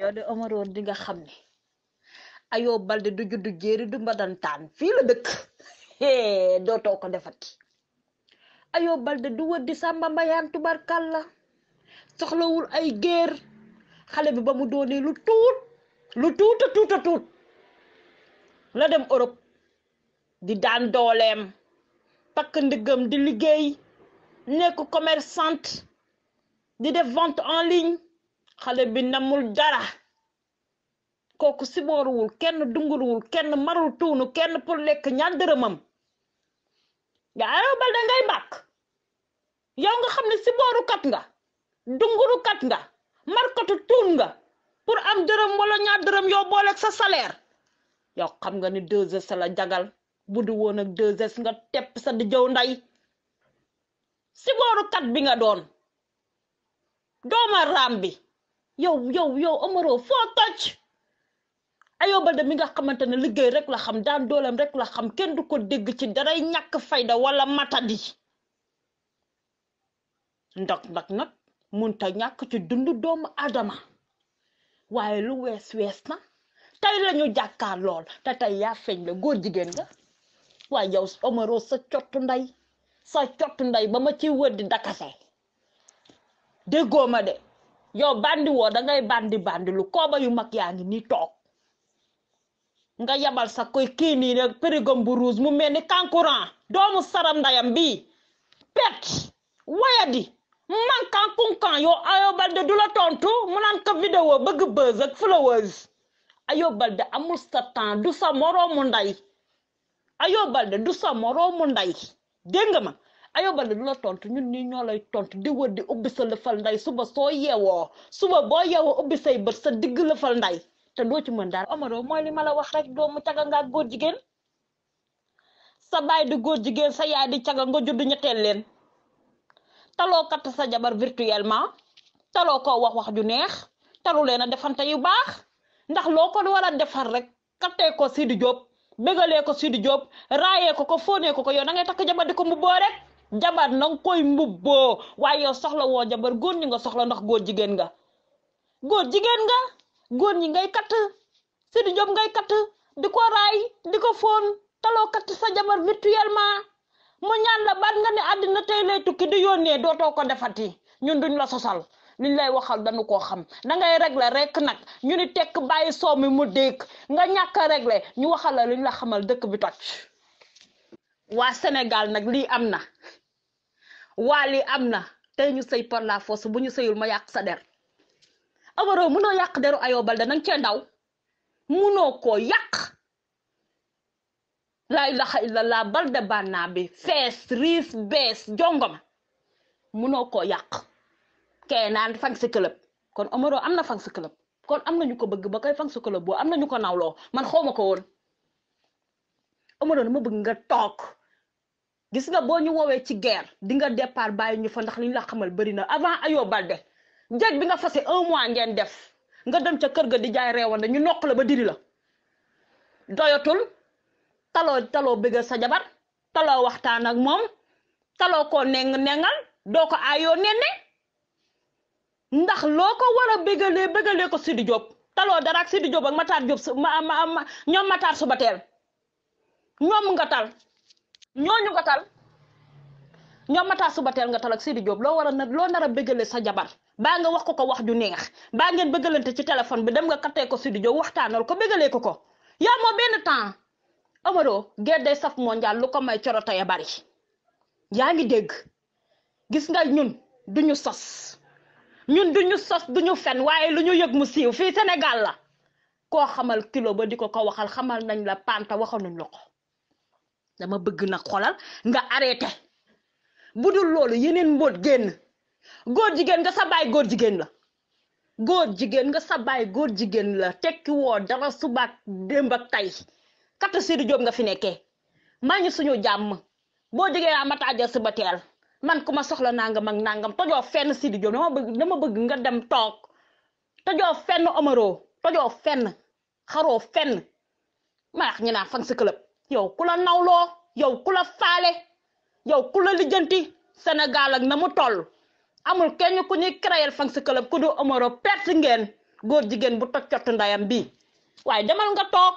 yow de Omaro di nga xam ni Ayo Balde du juddu jéeri du mbadantaan fii la dëkk dootoo ko defati Ayo Balde du wër di Samba soxlawul ay géer xale bi ba mu doonee lu tuut lu tuuta tuuta tuut la dem Europe di daan dooleem pakk ndigam di liggéey nekk commerçante di def vente en ligne xale bi namul dara kooku sibooruwul kenn dunguruwul kenn marul tuunu kenn pour lekk ñaan dërëmam nga araw da ngay bàkk yow nga xam ne siboorukat nga dungurukat nga markatu tuun nga pour am dërëm wala ñaar dërëm yow sa salaire yow xam nga ni 2S la jagal bu du woon ak 2 nga tepp sa di jëw nday siboorukat bi nga doon dooma raam bi yow yow yow Omaro foo toj Ayo Baldé mi nga xamante ne liggéey rek la xam dan doolem rek la xam kenn du ko dégg ci daray ñàkk fayda wala matadi ndax ndax nag munta ñàkk ci dundu doomu Adama waaye lu wees wees na tey lañu jàkkaar lool te tey ya feeñ la góor jigéen nga waaye yow Omaro sa cottu ndey sa cottu ndey ba ma ci wër di dakase déggoo de yow bandi woo da ngay bandi bandi lu kooba yu mag yaa ngi nii toog nga yabal sa koy kii nii rek périgom bu rouge mu mel ni kankurang doomu saram ndayam bii pet wayadi mankan kunkan yow Ayo Balde du la tontu mu naan ko vidéo bëgg buzz ak followers Ayo Balde amul sa du sa moroomu nday Ayo Balde du sa moroomu nday dégg ma ayobale du la tontu ñun nii ñoo lay tontu di wër di ubbi sa lëfal nday suba soo yeewoo suba boo yeewoo ubbi say bët sa digg lëfal nday te doo ci mën dara Omaro mooy li ma la wax rek doomu caga nga góor jigéen sa baay di góor jigéen sa yaay di caga nga judd ñetteel leen taloo katt sa jabar virtuellement taloo ko wax wax ju neex talu leen a defante yu baax ndax loo ko war a defar rek kattee ko joob Diop bégalee ko Sidi joob raayee ko ko fóonee ko ko da ngay takk jabar di ko mu boo jabar na nga koy mbubboo waaye yow soxla woo jabar góor ñi nga soxla ndax góor jigéen nga góor jigéen nga góor ñi ngay katt Sidi Diop ngay katt di ko raay di ko foon taloo katt sa jabar virtuellement mu ñaan la baat nga ne àddina tey lay tukki di yónnee dootoo ko defati ñun duñ la sosal liñ lay waxal dañu koo xam nangay ngay réglé rek nag ñu ni tekk bàyyi soow mi mu dégg nga ñàkk a réglé ñu waxal la liñ la xamal dëkk bi toj waa Sénégal nag lii am na waali am na tey ñu sëy par la force bu ñu seyul ma yàq sa der Omaro mënoo yàq deru Ayo Baldé nang cee ndaw mënoo koo yàq laa ilaha illallah Baldé bànnaa bi fees riis bees jongoma mënoo koo yàq ke naan fan si kon Omaro am na fan si kon am nañu ko bëgg ba koy fan si boo am nañu ko nawloo man xawma ko woon Omaro dama bëgg nga toog gis nga boo ñu woowee ci guerre di nga départ bàyyi ñu fa ndax li ñu la xamal bëri na avant Ayo Balde jeeg bi nga fase un mois ngeen def nga dem ca kër ga di jaay reewande ñu nokk la ba diri la doyatul taloo taloo bëggal sa jabar taloo waxtaan ak moom taloo ko neng nengal doo ko aayoo nenne ndax loo ko war a bëggalee bëggalee ko Sidi Diop taloo dara ak Sidi Diop ak Matar Diop ñoom Matar Subateel ñoom nga tal ñooñu nga tal ñoom mataa suba teel nga tal ak Sidi Diop loo war a na loo nar a bëggale sa jabar baa nga wax ko ko wax ju neex baa ngeen bëggalante ci téléphone bi dem nga kattee ko Sidi Diop waxtaanal ko bëggalee ko ko yow moo benn temps Amaro guerre day saf mondial lu ko may coroto ya bari yaa ngi dégg gis nga ñun duñu sos ñun duñu sos ñu fen waaye lu ñu yëg mu siiw fii Sénégal la koo xamal kilo ba di ko ko waxal xamal nañ la panta waxaluñ la ko dama bëgg na xolal nga arrêté bu dul loolu yeneen mboot génn góor jigéen nga sa baay góor jigéen la góor jigéen nga sa baay góor jigéen la tekki woo dara subaak démb ak tay kata Sidi Diop nga fi nekkee maa ngi suñu jàmm boo jógee yaa mataaja suba teel man ku ma soxla nangam ak nangam tojoo fenn Sidi Diop dama bëgg dama bëgg nga dem toog tojoo fenn Omaro tojoo fenn xaroo fenn maax ñu naa fan sa club yow ku la nawloo yow ku la faale yow ku la lijjanti Sénégal na mu toll amul kenn ku ñuy créer fan si club ku du amoro perte góor jigéen bu toj cottu ndayam bi waaye demal nga toog